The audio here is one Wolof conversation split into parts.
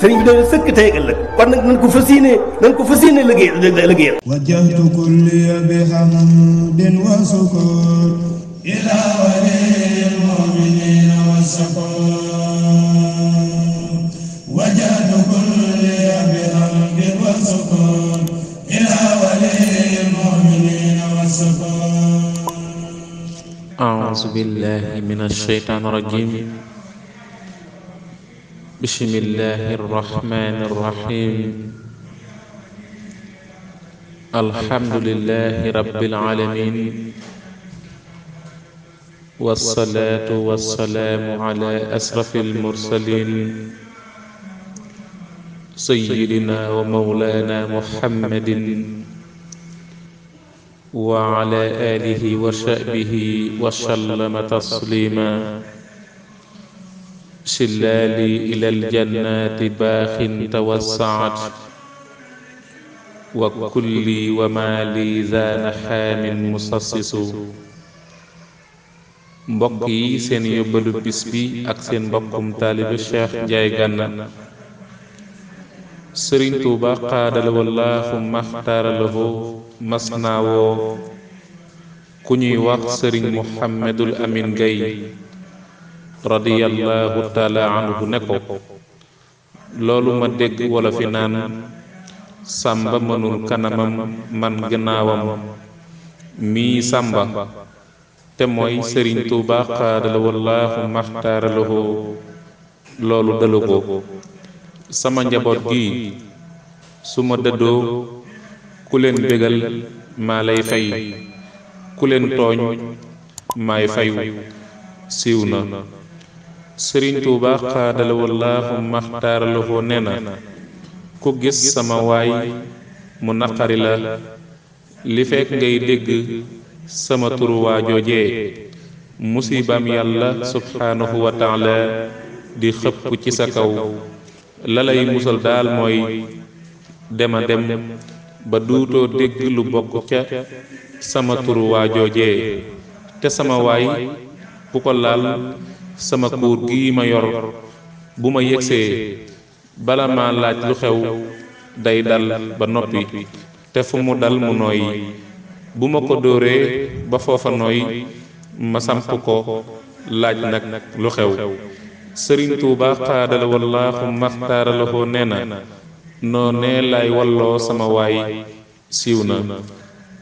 sëriñ bi daal sëkk tey ëllëg kon nag nañ ko fas yéenee nañ ko fas yéenee liggéey liggéeyal. wajjahtu kulliya bi hamdin wa sukur ila waliyil mu'minin wa sakur wajjahtu kulliya bi hamdin wa sukur ila waliyil mu'minin wa sakur. a'uuzu billahi minash shaytaani rajiim. bismillahi irrahmani irrahim alhamdulilahi rabbil alamin wasalaatu wasalaamu ala asrafil mursalin sayyidina wa mawlaana muhammadin wa ala aalihi wa sahbihi wa sallama tasliima sillaali ilal jannaati baaxin tawassaat wa kulli wa maali zaana xaamin musassisu mbokk yi seen yóbbalu bis bi ak seen mbokkum taalibu cheikh Njaay Gànna sëriñ tuuba xaadala wallaahu maxtaaralahu mas naa ku ñuy wax sëriñ muhammadul amin gay radiyallahu taala anhu ne ko loolu ma dégg wala fi naan sàmba mënul kanamam man gannaawam mii sàmba te mooy sëriñ tuuba xaadala wallaahu loolu dalu ko sama njaboot gi su ma dëddoo ku leen bégal maa lay fay ku leen tooñ maay fayu siiw na sëriñ tuuba xaadala wallaahu maxtaaralahu nee na ku gis sama waay mu naqari la li fekk ngay dégg sama turu waa joojee musibaam yàlla subhaanahu wa taala di xëpp ci sa kaw la lay musal daal mooy dema dem ba duutoo dégg lu bokk ca sama turu waa te sama waay bu ko laal sama kuur gii ma yor bu ma yegsee bala ma laaj lu xew day dal ba noppi te fu mu dal mu nooy bu ma ko dóoree ba foofa nooy ma samp ko laaj nag lu xew sëriñ tuuba xaadala wallaahu maxtaaralahoo nee na noo nee lay walloo sama waay siiw na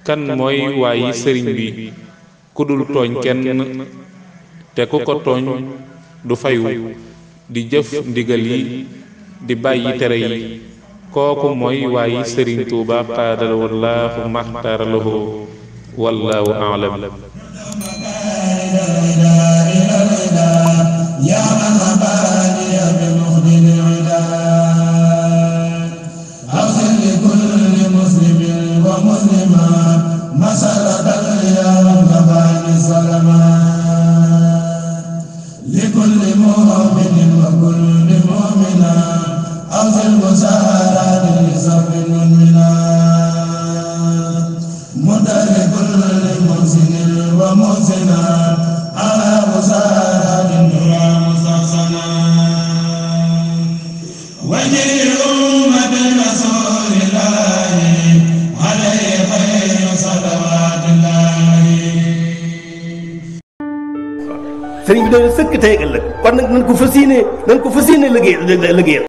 kan mooy waayi sëriñ bi ku dul tooñ kenn te ku ko tooñ du fayu di jëf ndigal yi di bàyyi tere yi kooku mooy waayi sëriñ tuuba xaadal wallaahu maxtaaralahu wallaahu aalam sëriñ bi daal sëkk tey ëllëg war nañ ko fas yéene nañ ko fas yéene liggéey liggéeyal